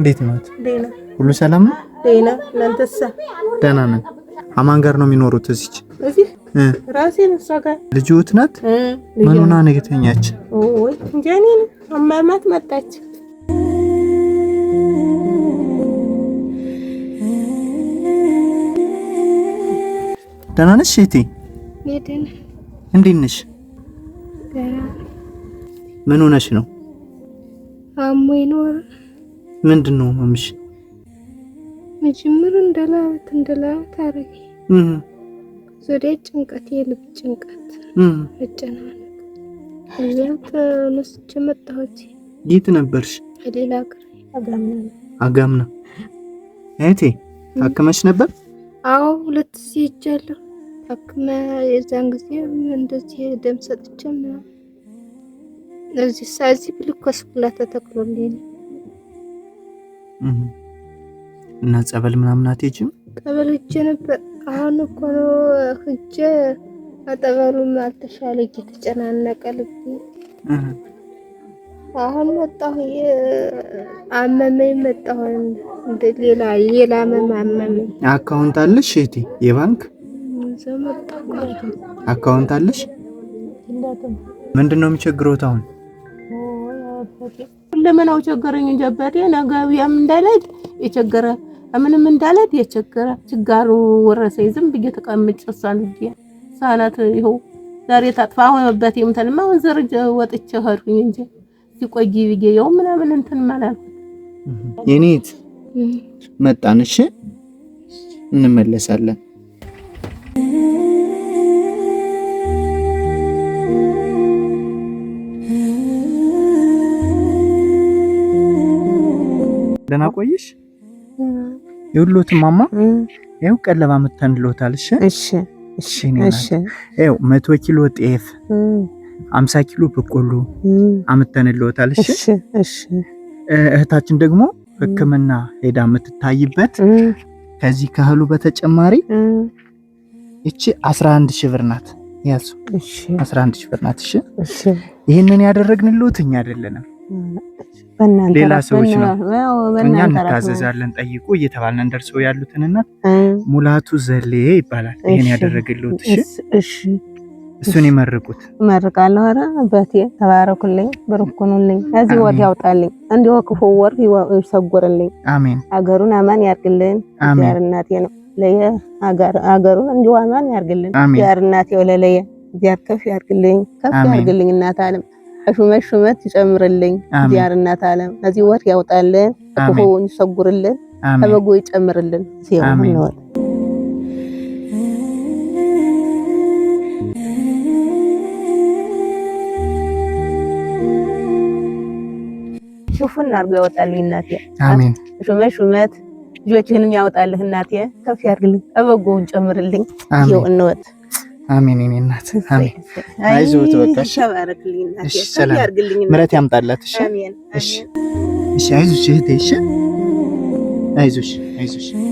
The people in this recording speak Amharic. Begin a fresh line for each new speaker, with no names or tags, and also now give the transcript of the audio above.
እንዴት ናት? ሁሉ ሰላም ነው?
እናንተስ?
ደህና ነን። አማን ጋር ነው የሚኖሩት? እዚች
እዚህ ራሴ እሷ ጋር
ልጅዎት ናት? ምን ሆና ነው የተኛች?
ወይ አማማት መጣች።
ደህና ነሽ እህቴ? እንዴት ነሽ? ምን ሆነሽ ነው? አሞኝ ነው ምንድን ነው ማምሽ?
መጀመር እንደላት እንደላት አረጊ ዙሪያ ጭንቀት፣ የልብ ጭንቀት፣ መጨናነቅ እዚያ ተነስቼ መጣሁት።
የት ነበርሽ?
ሌላ ሀገር አጋምና
አጋምና። እህቴ ታክመሽ ነበር?
አዎ ሁለት ጊዜ ሄጃለሁ ታክመ። የዛን ጊዜ እንደዚህ ደም ሰጥቼ እዚህ ሳዚ ብልኮስ ብላ ተተክሎልኝ
እና ጸበል ምናምን አትሄጂም?
ጸበል ሂጄ ነበር። አሁን እኮ ነው ሂጄ አጠበሉም አልተሻለ እየተጨናነቀ ልብ አሁን መጣሁ። አመመኝ መጣሁ። ሌላ ሌላ አመም አመመኝ።
አካውንት አለሽ እህቴ? የባንክ አካውንት አለሽ? ምንድን ነው የሚቸግረው አሁን?
አባቴ ሁለመናው ቸገረኝ እንጂ አባቴ ነገ ያም እንዳለድ የቸገረ ምንም እንዳለድ የቸገረ ችጋሩ ወረሰኝ። ዝም ብዬ ተቀምጬ እሷን ብዬ ሳናት ይኸው ዛሬ ታጥፋ አሁን አባቴ ምተንማ አሁን ዘርጅ ወጥቼ ሄድኩኝ እንጂ ሲቆይ ብዬ ያው ምናምን እንትን ማለት
የኔት መጣንሽ እንመለሳለን። ደህና ቆይሽ። ይኸውልዎት ማማ ይኸው ቀለባ መተንልዎታል። እሺ እሺ እሺ እሺ። ይኸው መቶ ኪሎ ጤፍ፣ አምሳ ኪሎ በቆሎ አምተንልዎታል። እሺ እሺ። እህታችን ደግሞ ሕክምና ሄዳ የምትታይበት ከዚህ ከእህሉ በተጨማሪ እቺ 11 ሺህ ብር ናት። ያዙ 11 ሺህ ብር ናት። እሺ እሺ። ይህንን ያደረግንልዎት እኛ አይደለንም። ሌላ ሰዎች ነው እኛ እንታዘዛለን ጠይቁ እየተባልን እንደርሰው ያሉትን እናት ሙላቱ ዘሌ ይባላል። ይህን ያደረግልት እሱን ይመርቁት።
መርቃለሁ። ኧረ በቴ ተባረኩልኝ፣ ብርኩኑልኝ፣ እዚህ ወር ያውጣልኝ፣ እንዲሁ ክፉ ወር ይሰጉርልኝ። አሜን። አገሩን አማን ያርግልን። ያር እናቴ ነው ለየ አገሩን እንዲሁ አማን ያርግልን። ያር እናቴ ወለለየ ያር ከፍ ያርግልኝ፣ ከፍ ያርግልኝ እናት አለም ከሹመት ሹመት ይጨምርልኝ እግዚአብሔር እናት ዓለም ከዚህ ወር ያውጣልን፣ ክፉ ይሰጉርልን፣ ከበጎ ይጨምርልን። ሲሆን ሹፉን አርጎ ያወጣልኝ እናቴ። አሜን። ሹመት ሹመት ልጆችህንም ያወጣልህ እናቴ። ከፍ ያርግልኝ፣ ከበጎውን ጨምርልኝ። ሲሆን እንወት
አሜን። እኔ እናት አሜን።
አይዞት በቃ
እሺ፣ ሰላም ምሕረት ያምጣላት። እሺ፣ እሺ፣ እሺ። አይዞሽ እህቴ፣ እሺ፣ አይዞሽ፣ አይዞሽ